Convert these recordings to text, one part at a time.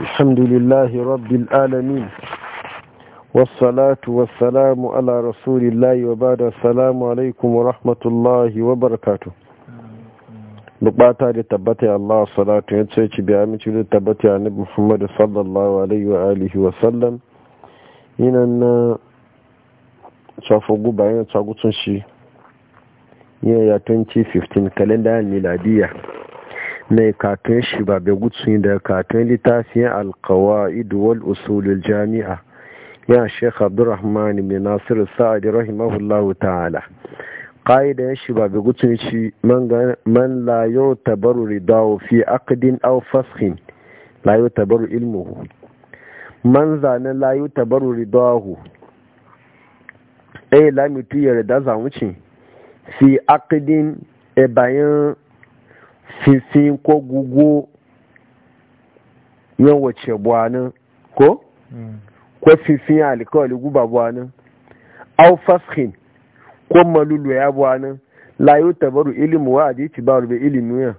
الحمد لله رب العالمين والصلاة والسلام على رسول الله وبعد السلام عليكم ورحمة الله وبركاته bukata da tabbata ya Allah salatu biya mici da tabbata ya nabi Muhammad sallallahu alaihi wa alihi wa sallam na katon shi ba bai gutsu daga katon littafin alkawa iduwal usulul jami'a ya sheikh abdurrahman bin nasir sa'adi rahimahullahu ta'ala ya shi ba bai gutsu shi man la yau tabaru ridawo fi akadin au fashin la yau tabaru ilmuhu man zane la yau tabaru ridawo ɗaya eh, lamitu yarda zamuci fi akadin e eh, bayan fifin ko gugu yan wace buwanin ko? Hmm. ko ya alikawali guba buwanin au fashin ko malulu ya buwanin layo tabaru ilimu wa adi ti ba rube ilimu yan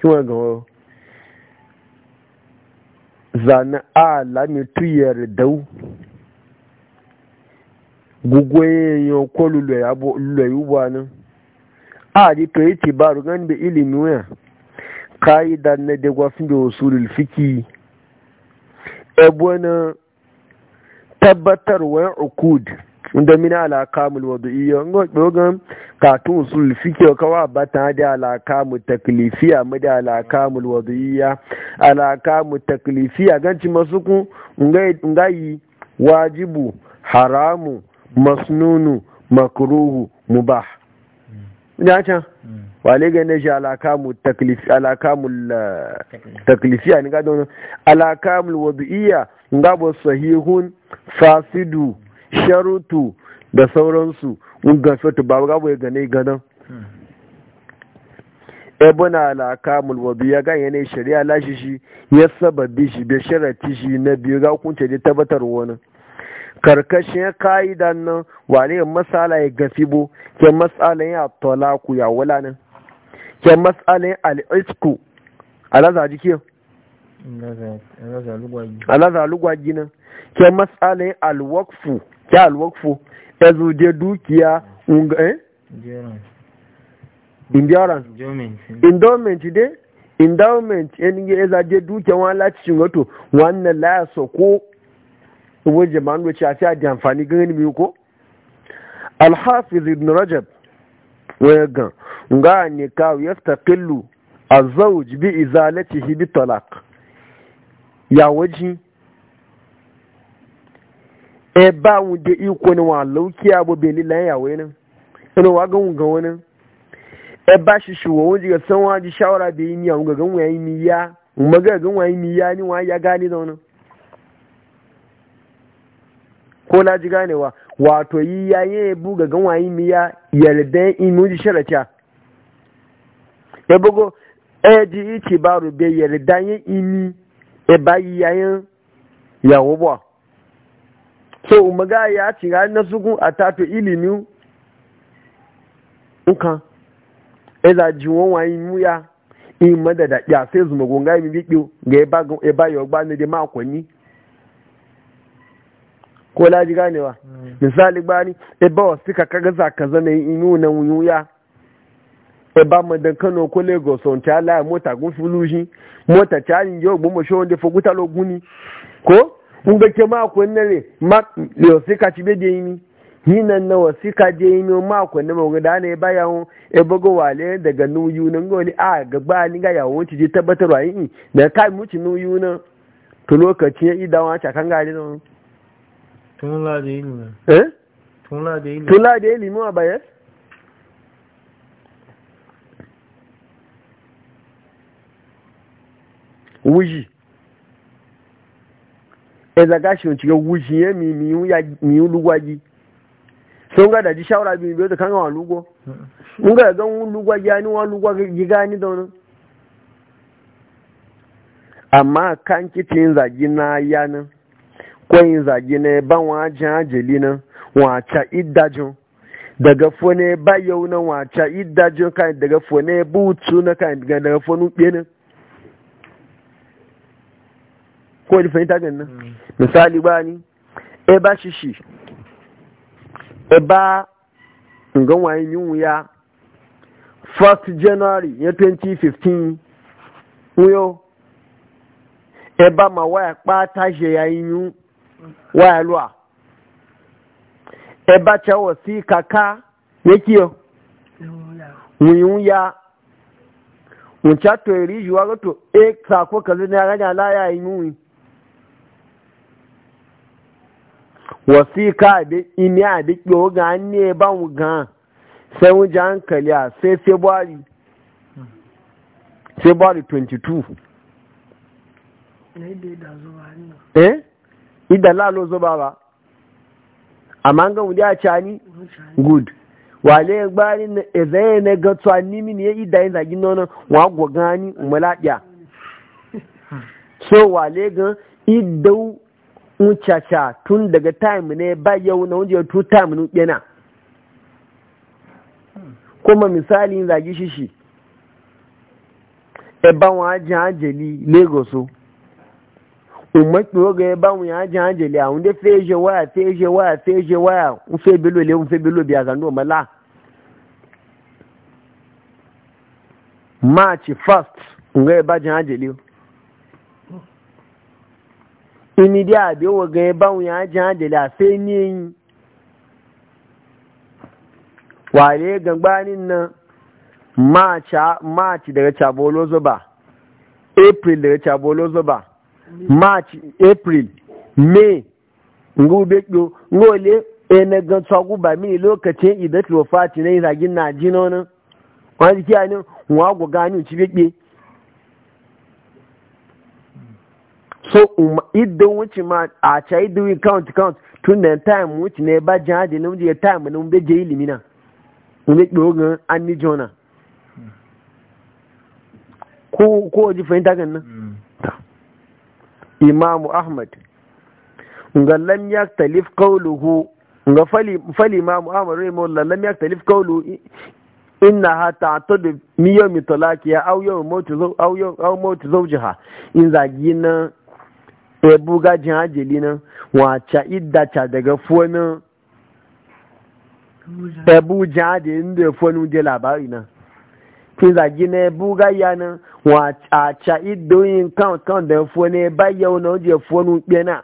kiwon gawo zane a lami tuyar dau gugu yan yan ko lulu ya buwanin a ji to yi ce ba rugan da ilimi waya da na da wasu da wasulul fiki ebwana tabbatarwar ukud inda mina alakamul wadu'iyya ngo dogan katun usul fiki kawa bata da alakamul taklifiya mu da alakamul wadu'iyya alakamul taklifiya ganci masuku ngai wajibu haramu masnunu makruhu mubah ina can wale eh, ga ne shi alakamul taklifiya ni gado alakamul nga bo sahihun fasidu sharutu da sauransu ga sautu ba ga bo gane ganan ebuna alakamul wadu'iyya ga hmm. yana shari'a lashi shi ya sababi shi da sharati shi na biyu ga hukunce da tabbatar wani karkashin ka'idan nan wane matsala ya gafi bo ke masalan ya tola ku ya wula nan ke masalan al'isku alaza jike alaza lugwaji nan ke masalan alwakfu ke alwakfu ya zuje dukiya unga eh endurance endowment dai endowment ya zaje dukiya wani lati shi wato wannan la ko wajen jama'an wace a fiye da amfani gani mai ko alhafiz ibn rajab waya gan ga ne kawo ya taƙillu a zauj bi izalati hibi talak ya waji e ba mu da iko ni wa lauki abu beli lan ya wai nan ina wa gan ga wani e ba shi shi wa wani ga san wa ji shawara bai yi miya ga gan wa yi miya maga gan wa yi ya ni wa ya gani da wani ko laji ganewa wato yi ya? yi yaye buga ganwayi miya yarda imuji sharata ya bugo e ji eji ichi baru be yarda yin imi e yi yayin yawo ba so umaga ya ci ga na sugun atato ilimi nkan eza ji won wa mu ya in madada ya sai zuma gonga mi biyo ga e ba e ba yo gba ne de ma kwani ko laji ganewa mm. misali bani e ba wasu ka kaga za ka zama inu na wuyuya e ba mu da Kano ko Lagos on ta la mota gun fulushi mota ta yin yau gbogbo shi wanda fi foguta guni ko un ga ke makon ko nare ma yo se ka ti yi ni yini hinan na wasu ka je yi ma ko ne mo da ne ba yawo e bago wale daga nuyu na ngoli a ga ba ni ga yawon ci je tabbatarwa yin da kai mu nuyu na to lokaci ya idawa a kan gari wani Tun la da ilimi. Eh? Tun la da ilimi. Tun la da wa baye? Wuji. Eza gashi on ciga wuji ye mi mi ya mi lugwaji. So nga da ji shawara bi bi to kan wa lugo. Hmm. Nga ga un lugwaji ani wa lugwaji gani don. Amma kan kitin zagi na yanin. kwayin zage na ban wajen ajali nan wacha idajin daga fone ba yau nan wacha idajin kan daga fone butu na kan daga fone upe nan ko da fahimta gan nan mm. misali ba ni e ba shishi e ba ngan wayin yin wuya 1 January ya 2015 wuyo e ba ma waya kpata je yayin yun waya luwa e bacha wasi kaka yake wuyunya wuce to iri sàkó goto e sako kazi na ganya laya yi nuni ka abi ini abi kyo ga ne ba mu ga sai mu ji hankali a sai twenty two. idan lalo zuba ba amma ga wuri a cani good wale ni e na ezaye na ga tsani mini ya idan yin zagin nonon wa gwagani umulaɗiya so wale ga idau ucaca tun daga time ne ba yau na wajen tu time nun yana kuma misali yin zagi shishi e ba wa ajiyar ajiyar lagos umar ɗuwa ga ya ba mu ya ji hanjali a wunde feje waya feje waya feje waya unfe bilo le unfe bilo biya zanu mala march first nga ya ba ji hanjali ini dia abi wo ga ya ba mu ya ji hanjali a sai ni yin wale gangbanin nan march march daga chabolo zuba april daga chabolo zuba march april may ngube kyo ngole ene gan tsagu ba mi lokacin idat wafati ne zagin na jino na wani kiya ne wa go gani ci so um ma a chai do count count tun da time wuce ne ba jihadi ne wuce time ne be je ilimina ne kyo gan an jona ko ko ji imamu ahmad nga lam yaktalif qawluhu nga fali fali imamu ahmad rahimahullah lam yaktalif qawluhu innaha ta'tadu mi yawmi talaqiha aw yawmi mawti zaw aw yawm aw mawti zawjiha in zagina e buga jihajeli na wacha idda cha daga fuwana ebu jihadi inda fuwanu je labari na fi zagi na buga yana wa caca idoyin kan kan da fuwa ne bayyau na wajen fuwa nuɓe na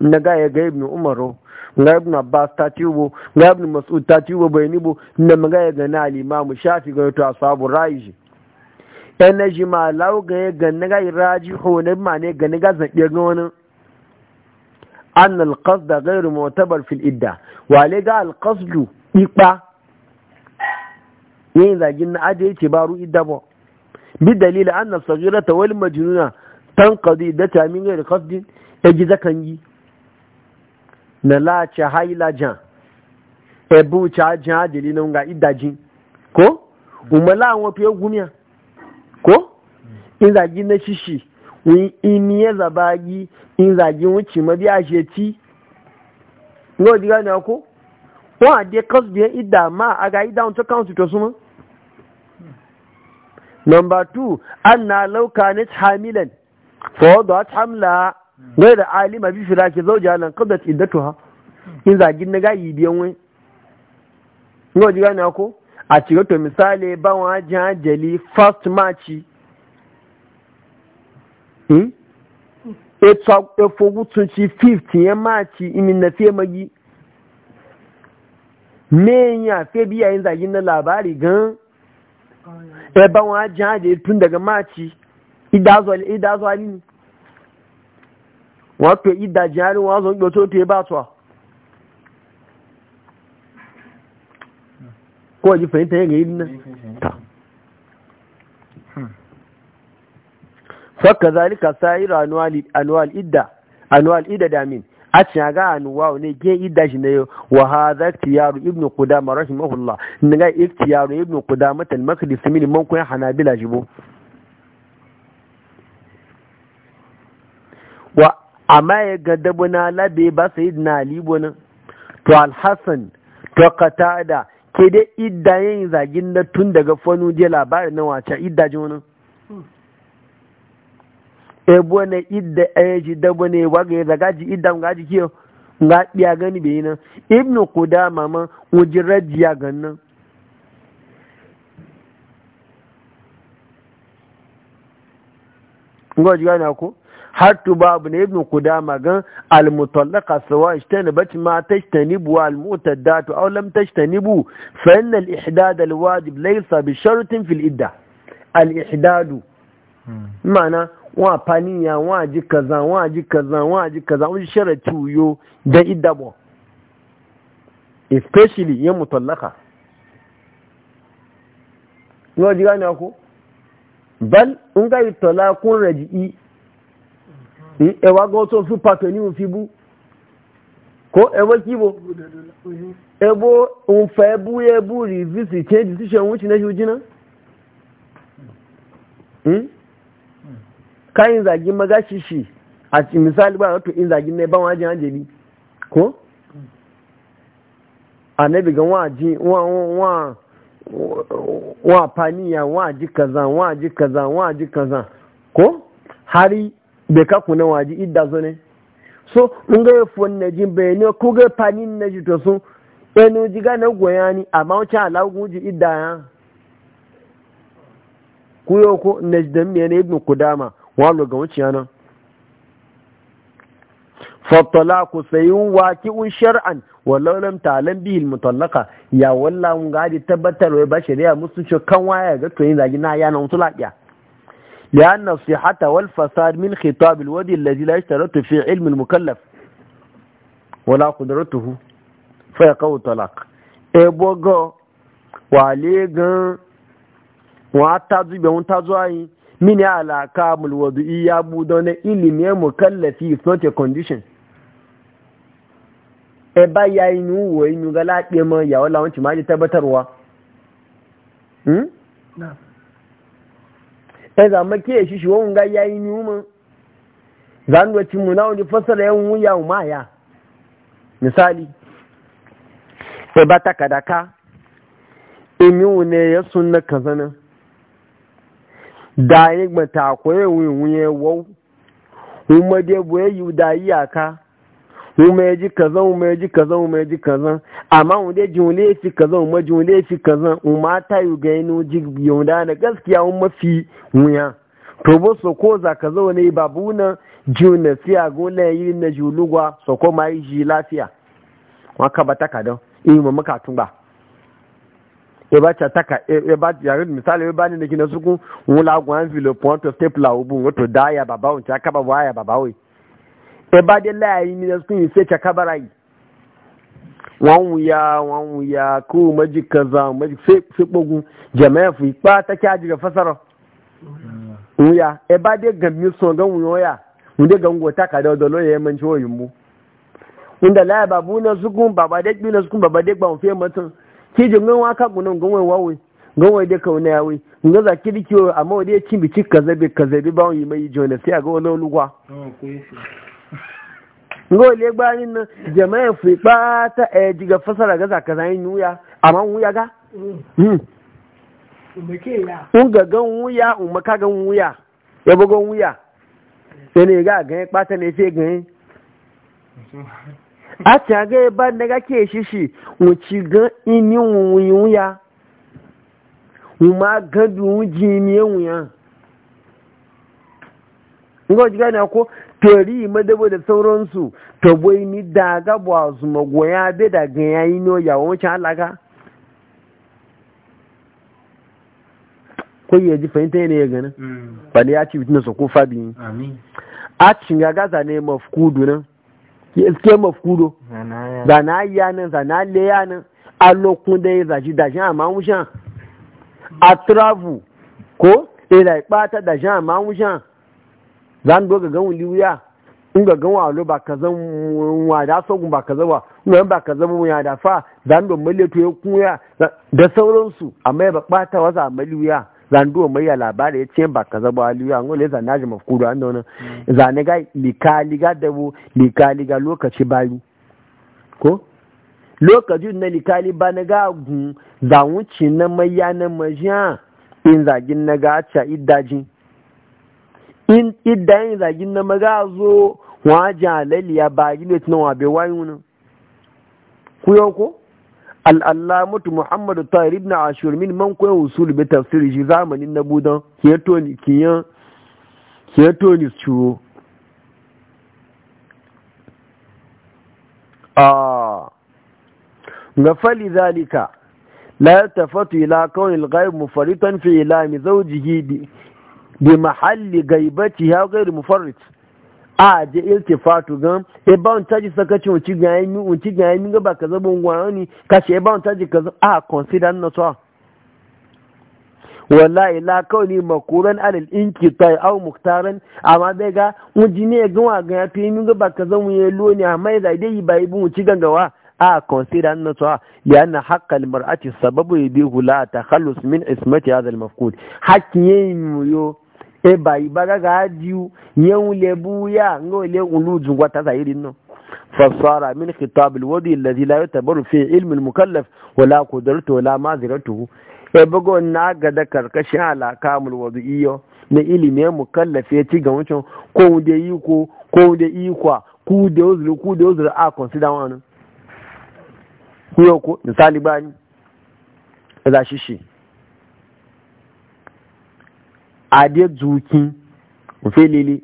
na ga ya ga ibn umaru ga ibn abbas ta tiwo ga ibn mas'ud ta tiwo bai ni bo na maga ya ga na al-imam shafi ga to asabu raiji yan na ji ma lawo ga ya ga na ga raji ho na ma ne ga na ga zabe ga wani an da qasd ghayr wata fil idda wa le ga al-qasd ipa yin zagin na ajiye ce baru idabo bi dalila an na sagira ta wani majinuna tan kadi da min gari kasdi ya gi zakan yi na lace haila jan ebu ca jan ajiye na nga idaji ko umala awon fiye gumiya ko in zagin na shishi in ya zabagi in zagin wuce mabi a ti ngo diga ne ko wọ́n àdé kọ́sùbìyàn ìdá máa aga ìdáhùn tó káwọn tuntun súnmọ́ number two na lauka ne hamilan fa wadat hamla ghayra ke bi jana kada lan qadat iddatuha in zagin na gayi biyan wai ngo ji gani ko a cire to misali ban wa jajali first match hmm etsa efogu ci fifth ya match imi e na fiye magi me ya fe biya yin zagin na labari gan wọn ban wa jihadi tun daga maci ida ni pè ida àrí wọ́n zọ gbe to tó ko kọ́ ìjì ya ga nan ta fakka zalika sa'ira anwal idda damin a ci ga anuwa ne ke idda shi ne wa hadha iktiyaru ibn qudama rahimahullah ga iktiyaru ibn qudama al maqdis min man kun hanabila jibo wa amma ya ga dabuna labe ba sayyidina ali to al to qatada ke dai idda yin zagin na tun daga fanu je labarin na wace idda jinin ebo na eji aji wage ne waga ya zaga kiyo nga biya gani bai nan ibnu kudama ma wajin rajiya gannan ngo ji gani ko hatu babu na ibnu kudama gan al mutallaqa sawa ishtani bat ma bu al mutaddatu aw lam bu fa inna al ihdad al wajib laysa bi shartin fil idda al ihdadu ma'ana hmm. wa faniya wa ji kaza wa ji kaza wa ji kaza wani sharati yo da idabo especially ya mutallaka yau ji gane ku bal in ga yi talakun ewa eh, e ga wato su patoni mu fibu ko ewa kibo ebo in fa ebu ya e ebu revisit change decision which na shi ujina? kayan zagin maza shi shi a misali ba wato in zagin ne ban wajen hanjeli ko annabi ga waji wa wa wa faniya waji kaza waji kaza waji kaza ko hari bai ka kuna waji idda zo ne so in ga yafi na jin bayani ko ga fani na ji to so enu ji ga na goya ni amma wacce alagun ji idda ya kuyo ko najdan ne ibn kudama walo ga wuce ku sayi sayun un shar'an walau lam ta'lam bihi mutallaqa ya walla mun ga tabbatar wai ba shari'a musun ce kan waya ga to yin zagi na yana mutu lafiya لأن الصحة والفساد من خطاب الودي الذي لا wale gan ta ayin Mini ya alaka mulwadu ya budo na ilimi ya mukallafi is not a condition e ba ya yi nuwo yi nuga laɗe ma ya wala ma ji tabbatarwa hmm? e zama ke shi shi wani ga ya yi nuwo za mu wacin muna wani fasara yan wuya ma ya misali e ba takadaka Imi e wune ya suna kazanin da ya gbata kwaye wunye wau kuma dai buye yi da yi kuma ya e ji kazan kuma ya e ji kazan kuma ya e ji kazan amma mu dai jin ya fi kazan kuma jin ya fi kazan kuma ta yi ga yinu ji biyu da na gaskiya kuma mafi wuya to bo so ko za ka zo ne babu na jin na fiya gole yi na julugwa so ko ma yi ji lafiya wa ka ba ta kadan in ma muka tun ba eba taka e, eba ya misali eba ni kina suku wula gwa point of to la obu ngoto da ya baba on chaka kaba ya baba we eba de la yi ni suku ni se chaka kabara yi Wan ya wan ya ko maji kaza maji se se pogun jama'a fu ipa ta kya diga fasaro wuya mm. eba de mi so gan wuya, ya wunde gan go ka da lo ye manci wo yimbu inda la babu na suku baba de gbi na suku baba de gba on fe mutun ki ji jingan waka gunan gonwai wawe gonwai da kauna yawai nga za ki dikiyo amma wani ya cin bici kazabe kazabe ba yi mai jona sai a ga wani olugwa nga wani ya gbani na jama'a fi bata e jiga fasara ga za ka zayin wuya amma wuya ga un ga gan wuya un maka gan wuya ya bugon wuya sai ne ga gan ya bata ne sai gan a ti aga ebe nne ga ke shishi wuci ga ini nwunwu ya ma gadu wuji ni enwu ya ngo jiga na ko tori ime da sauransu to tobo ni da ga bo azuma goya be da ga yayi no ya wuce alaga ko ya ji fahimta ya ba ne ya ci bitin da su ko fabi a cin gaza ne nan iske mafkuro zana ya nan zana le ya nan a lokun da ya zaji da jan amma wujan a travel ko da e ipata da jan amma wujan zan do ga gawun liwuya in ga gawa lo ba ka zan wa da sogun ba ka zawa in ba ka zama ya da fa zan do maleto ya kuya da sauransu amma ya ba ɓata wasa maliwuya zanduwa mai ya labari ya ce ba ka zaba aliyu an wale zana ji mafkudu an da mm. zane ga likaliga dabo likaliga lokaci bayu ko lokaci na likali ba na ga gun zawunci na mai ya na majiya in zagin na ga ca iddaji in iddayin zagin na maga zo wajen alaliya ba gina tunawa bai wayo nan ku ko al'allamatu muhammadu tahir ibn ashur min man koyan usul bi tafsiri shi zamanin na budan ketonis ciwo a ga fali zalika la tafatu ila kawai ghaib mufaritan fi ilami zaujihi bi mahalli gaibaci ya mu mufarrit a je iltifatu gan e ba on taji sakacin unci ga yi unci ga mi ga ba ka zaba ngwa ni ka ce e ba on taji ka a consider na to wallahi la kauli makuran alal inqita'i aw muktaran amma be ga unji ne ga wa ga fi mi ga ba ka zan ye lo ne amma da dai yi bai bu unci gangawa a consider na to ya na haqqal mar'ati sababu yabihu la takhallus min ismati hadha al mafqud hakkin yayin yo e bayi baga ga jiu yan lebu ya ngo le ulu jungwa ta zahiri no fasara min khitab alwadi alladhi la yatabaru fi ilm almukallaf wala qudratu wala maziratuhu e bago na ga da karkashin alakamul wadiyo na ilimi mukallaf ya ci ga wancan ko da yi ko ko ku da a consider ku yo misali ade zuki ofe lele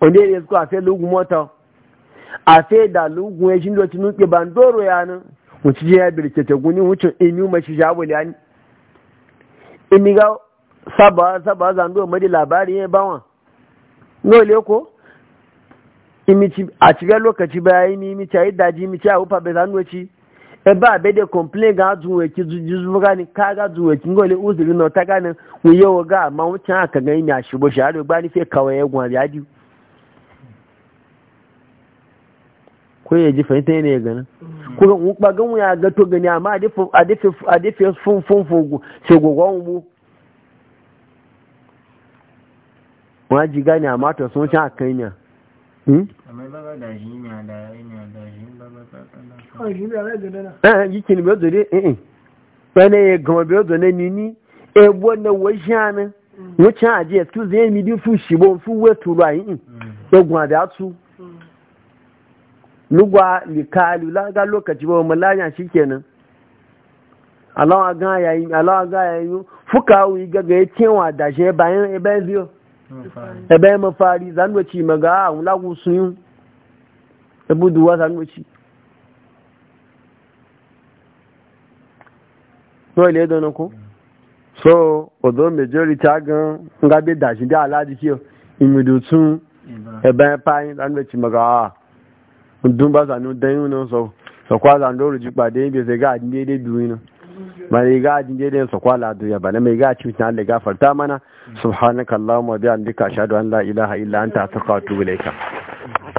onde ne suka afe lugu mota afe da lugu ya shindo tinu ke bandoro ya nan wuci je ya birkete guni wucin inu mashi jabo ne ani imi ga saba saba zando da labari ya bawa no le ko imi ci a ciga lokaci bayani imi ci yi daji imi ci a ufa be ci. ebe a bede complain ga azu weki juju gani ka ga ki weki ngole uzuri no ta gani mu yewo ga ma wucin aka ga ina shi bo shari gba ni fe kawai egun abi adi ko ye ji fahimta ne gana ko ga ukpa ga mu ya ga to amma adifu adifu adifu fun se gogo mu ba da shi ne da yikin bi ozo de eh bane ye gama bi ozo ne nini e bo na wo jana wo cha aje excuse me mi di fu shibo fu wetu lo ayin egun ade atu lugwa likalu la ga lokaci ba malanya shikenan alawa ga yayi alawa ga yayi fuka wi ga ga cewa da Ɛbɛ e e e ma fari. ben biyo e ben mafari zanwaci maga a wula gusun ebuduwa zanwaci náà ilé ẹ̀dọ́nà so ọ̀dọ́ majority agan nga bí dàjí dá aládìí kí ìmìdò tún ẹ̀bẹ̀ páyín lánàá ti mọ̀gá wà ọdún bá sànú dẹ́yìn náà sọ sọ̀kọ́ àlàndó rò jí pàdé ibi ẹsẹ̀ gáàdì ní èdè mana iná mai riga ajin daidai su kwala ya ba na mai ga ci mutane da farta mana subhanakallahumma bihamdika ashhadu an la ilaha illa anta astaghfiruka wa atubu